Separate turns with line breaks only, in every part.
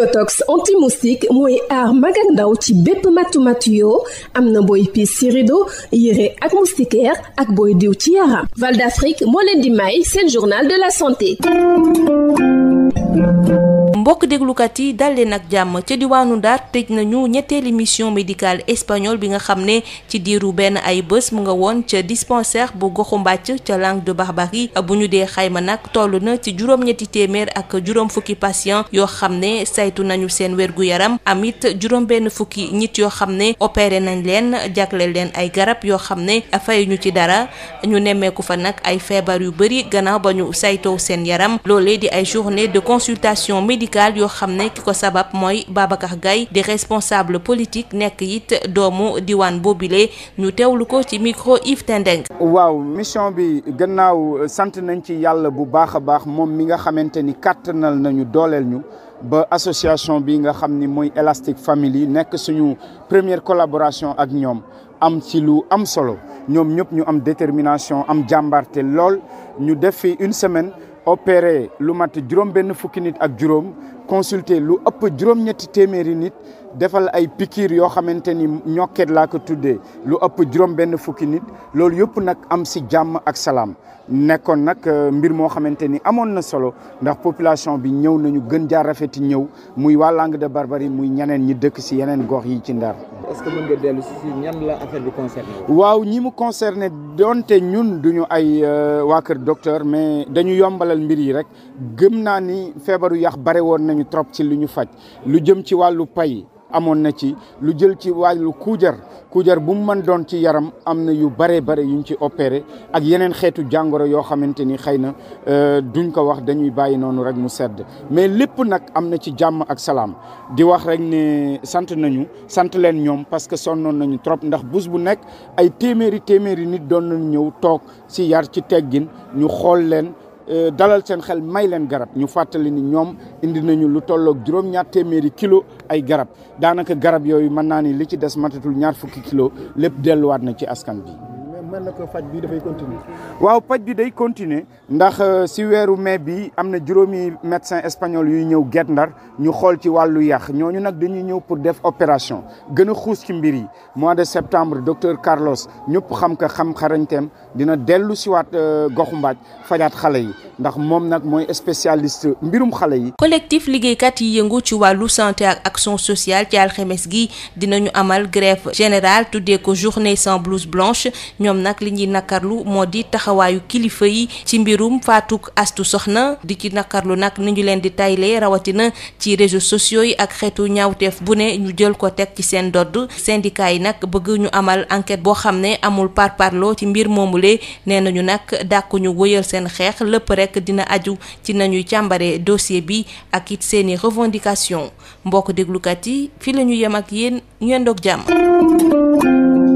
biotox anti-moustique mooy aar mag ci bépp matu-matu yoo am na booy pi ci rido yére ak moustiquaire ak booy diw ci yaram Val d'Afrique moo leen di may seen journal de la santé
mbokk déglukat yi dal nag jàmm ca diwaanu Ndar tëj nañu ñetteeli mission médicale espagnole bi nga xam ne ci diiru benn ay bés mu nga woon ca dispensaire bu goxu mbàcc ca Langue de Barbarie bu ñu dee xayma nag toll na ci juróom-ñetti téeméer ak juróom fukki patient yoo xam ne saytu nañu seen wérgu yaram amit juróom benn fukki nit yoo xam ne opéré nañ leen jagleel leen ay garab yoo xam ne fay ñu ci dara ñu nemmeeku fa nag ay feebar yu bëri gannaaw ba ñu saytoo seen yaram loolee di médical yoo xam ne ki ko sabab mooy Babacar gay di responsable politique nekk it doomu diwaan boobile ñu teewlu ko ci micro Yves Tendeng.
waaw mission bi gannaaw euh, sant nañ ci yàlla bu baax a baax moom mi nga xamante ni kàttanal nañu dooleel ñu. ba association bi nga xam ni mooy Elastic Family nekk suñu première collaboration ak ñoom am ci lu am solo ñoom ñëpp ñu am détermination am jàmbarte lool ñu def fi une semaine opéré lu mat juróom benn fukki nit ak juróom consulté lu ëpp juróom-ñetti téeméeri nit defal ay pikiir yoo xamante ni ñokket laa ko tuddee lu ëpp juróom benn fukki nit loolu yëpp nag am si jàmm ak salaam nekkoon nag euh, mbir moo xamante ni amoon na solo ndax population bi ñëw nañu gën jaar rafeti ñëw muy waa Langue de Barbarie muy ñeneen ñi dëkk si yeneen gox yi ci Ndar est-ce que dellu si ñan la affaire bi waaw ñi mu concerné donte ñun duñu ay euh, waa kër docteur mais dañu yombalal mbir yi rek gëm naa ni feebaru yax bare woon nañu trop ci lu ñu faj lu jëm ci wàllu pay amoon na ci lu jël ci wàllu kuujar kuujar bu mu mën doon ci yaram am na yu bare bare yuñ ci opere ak yeneen xeetu jàngoro yoo xamante ni xëy na euh, duñ ko wax dañuy bàyyi noonu rek mu sedd mais lépp nag am na ci jàmm ak salaam di wax rek ne sant nañu sant leen ñoom parce que sonnoon nañu trop ndax bus bu nekk ay téeméeri téeméeri nit doon nañu ñëw toog si yar ci teggin ñu xool leen Euh, dalal seen xel may leen garab ñu fàttali ni ñoom indi nañu lu tolloog juróom-ñaar téeméeri kilo ay garab daanaka garab yooyu mën naa ni li ci des matatul ñaar fukki kilo lépp delluwaat na ci askan bi mel na ko faj bi dafay continuer. waaw faj bi day continuer ndax euh, si weeru mai bi am na juróomi médecin espagnol yuy ñëw get Ndar ñu xool ci wàllu yàq ñooñu nag dañuy ñëw pour def opération gën a xuus ci mbir yi mois de septembre docteur Carlos ñëpp xam ko xam xarañteem dina dellu siwaat euh, goxu mbaaj fajaat xale yi ndax moom nag mooy spécialiste mbirum xale yi.
collectif liggéeykat yi yëngu ci wàllu santé ak action sociale ci alxemes gi dinañu amal grève générale ko journée sans ñoom nag li ñuy nakarlu moo di taxawaayu kilifa yi ci mbirum faatuk astu soxna di ci nakarlu nag ni ñu leen di taylee rawatina ci réseau sociaux yi ak xeetu ñawteef bu ne ñu jël ko teg ci seen dodd syndicat yi nag bëgg ñu amal enquête boo xam ne amul par parparloo ci mbir moomule nee nañu nag dàkku ñu wëyal seen xeex lépp rek dina aju ci nañuy càmbare dossier bi ak it seeni revendication mbokk déglukat yi fii la yem ak yéen ñu yendoog
jàmm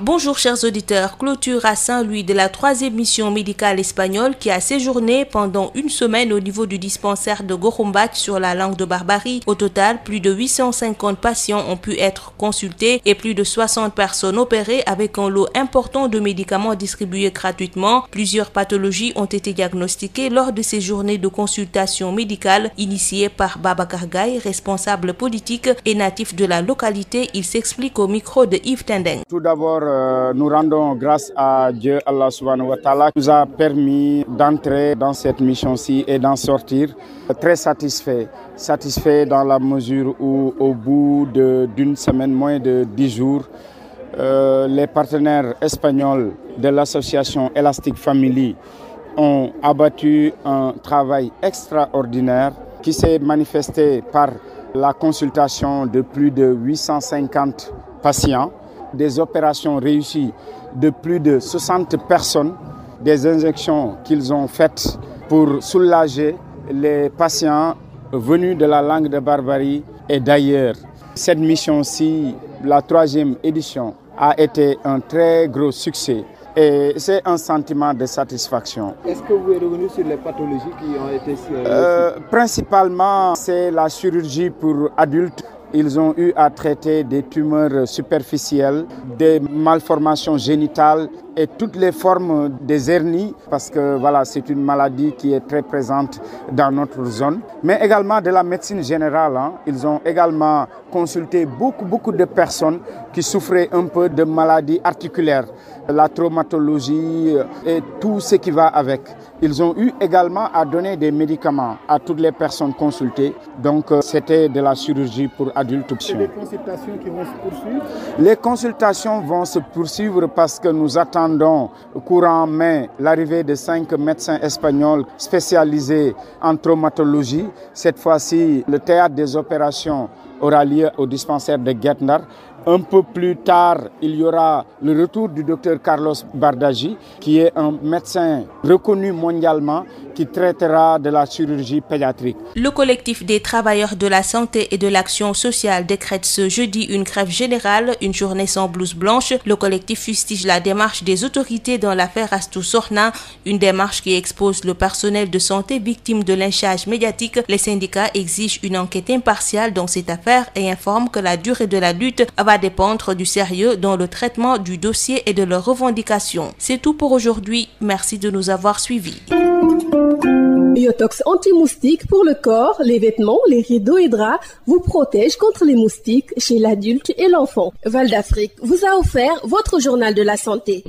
Bonjour chers auditeurs, clôture à Saint-Louis de la troisième médicale espagnole qui a séjourné pendant une semaine au niveau du dispensaire de Gorumbach sur la langue de Barbarie. Au total, plus de 850 patients ont pu être consultés et plus de 60 personnes opérées avec un lot important de médicaments distribués gratuitement. Plusieurs pathologies ont été diagnostiquées lors de ces journées de consultation médicale initiées par Babacar Gaye, responsable politique et natif la localité. Il s'explique au micro de
euh, nous rendons grâce à Dieu, Allah subhanahu wa ta'ala, qui nous a permis d'entrer dans cette mission-ci et d'en sortir très satisfait. Satisfait dans la mesure où, au bout d'une semaine, moins de dix jours, euh, les partenaires espagnols de l'association Elastic Family ont abattu un travail extraordinaire qui s'est manifesté par la consultation de plus de 850 patients des opérations réussies de plus de 60 personnes, des injections qu'ils ont faites pour soulager les patients venus de la langue de Barbarie et d'ailleurs. Cette mission-ci, la troisième édition, a été un très gros succès et c'est un sentiment de satisfaction. Est-ce que vous êtes revenu sur les pathologies qui ont été... Euh, euh principalement, c'est la chirurgie pour adultes ils ont eu à traiter des tumeurs superficielles, des malformations génitales et toutes les formes des hernies, parce que voilà, c'est une maladie qui est très présente dans notre zone, mais également de la médecine générale. Hein. Ils ont également consulté beaucoup, beaucoup de personnes qui souffraient un peu de maladies articulaires, la traumatologie et tout ce qui va avec. Ils ont eu également à donner des médicaments à toutes les personnes consultées. Donc, euh, c'était de la chirurgie pour adultes. Et les consultations vont se poursuivre parce que nous attendons courant mai l'arrivée de cinq médecins espagnols spécialisés en traumatologie. Cette fois-ci, le théâtre des opérations aura lieu au dispensaire de Guetnard. Un peu plus tard, il y aura le retour du docteur Carlos Bardagi, qui est un médecin reconnu mondialement qui traitera de la chirurgie pédiatrique.
Le collectif des travailleurs de la santé et de l'action sociale décrète ce jeudi une grève générale, une journée sans blouse blanche. Le collectif fustige la démarche des autorités dans l'affaire Astou Sorna, une démarche qui expose le personnel de santé victime de lynchage médiatique. Les syndicats exigent va dépendre du sérieux dans le traitement du dossier et de leurs revendications. C'est tout pour aujourd'hui. Merci de nous avoir suivis.
Biotox anti pour le corps, les vêtements, les rideaux et draps vous protège contre les moustiques chez l'adulte et l'enfant. Val d'Afrique vous a offert votre journal de la santé.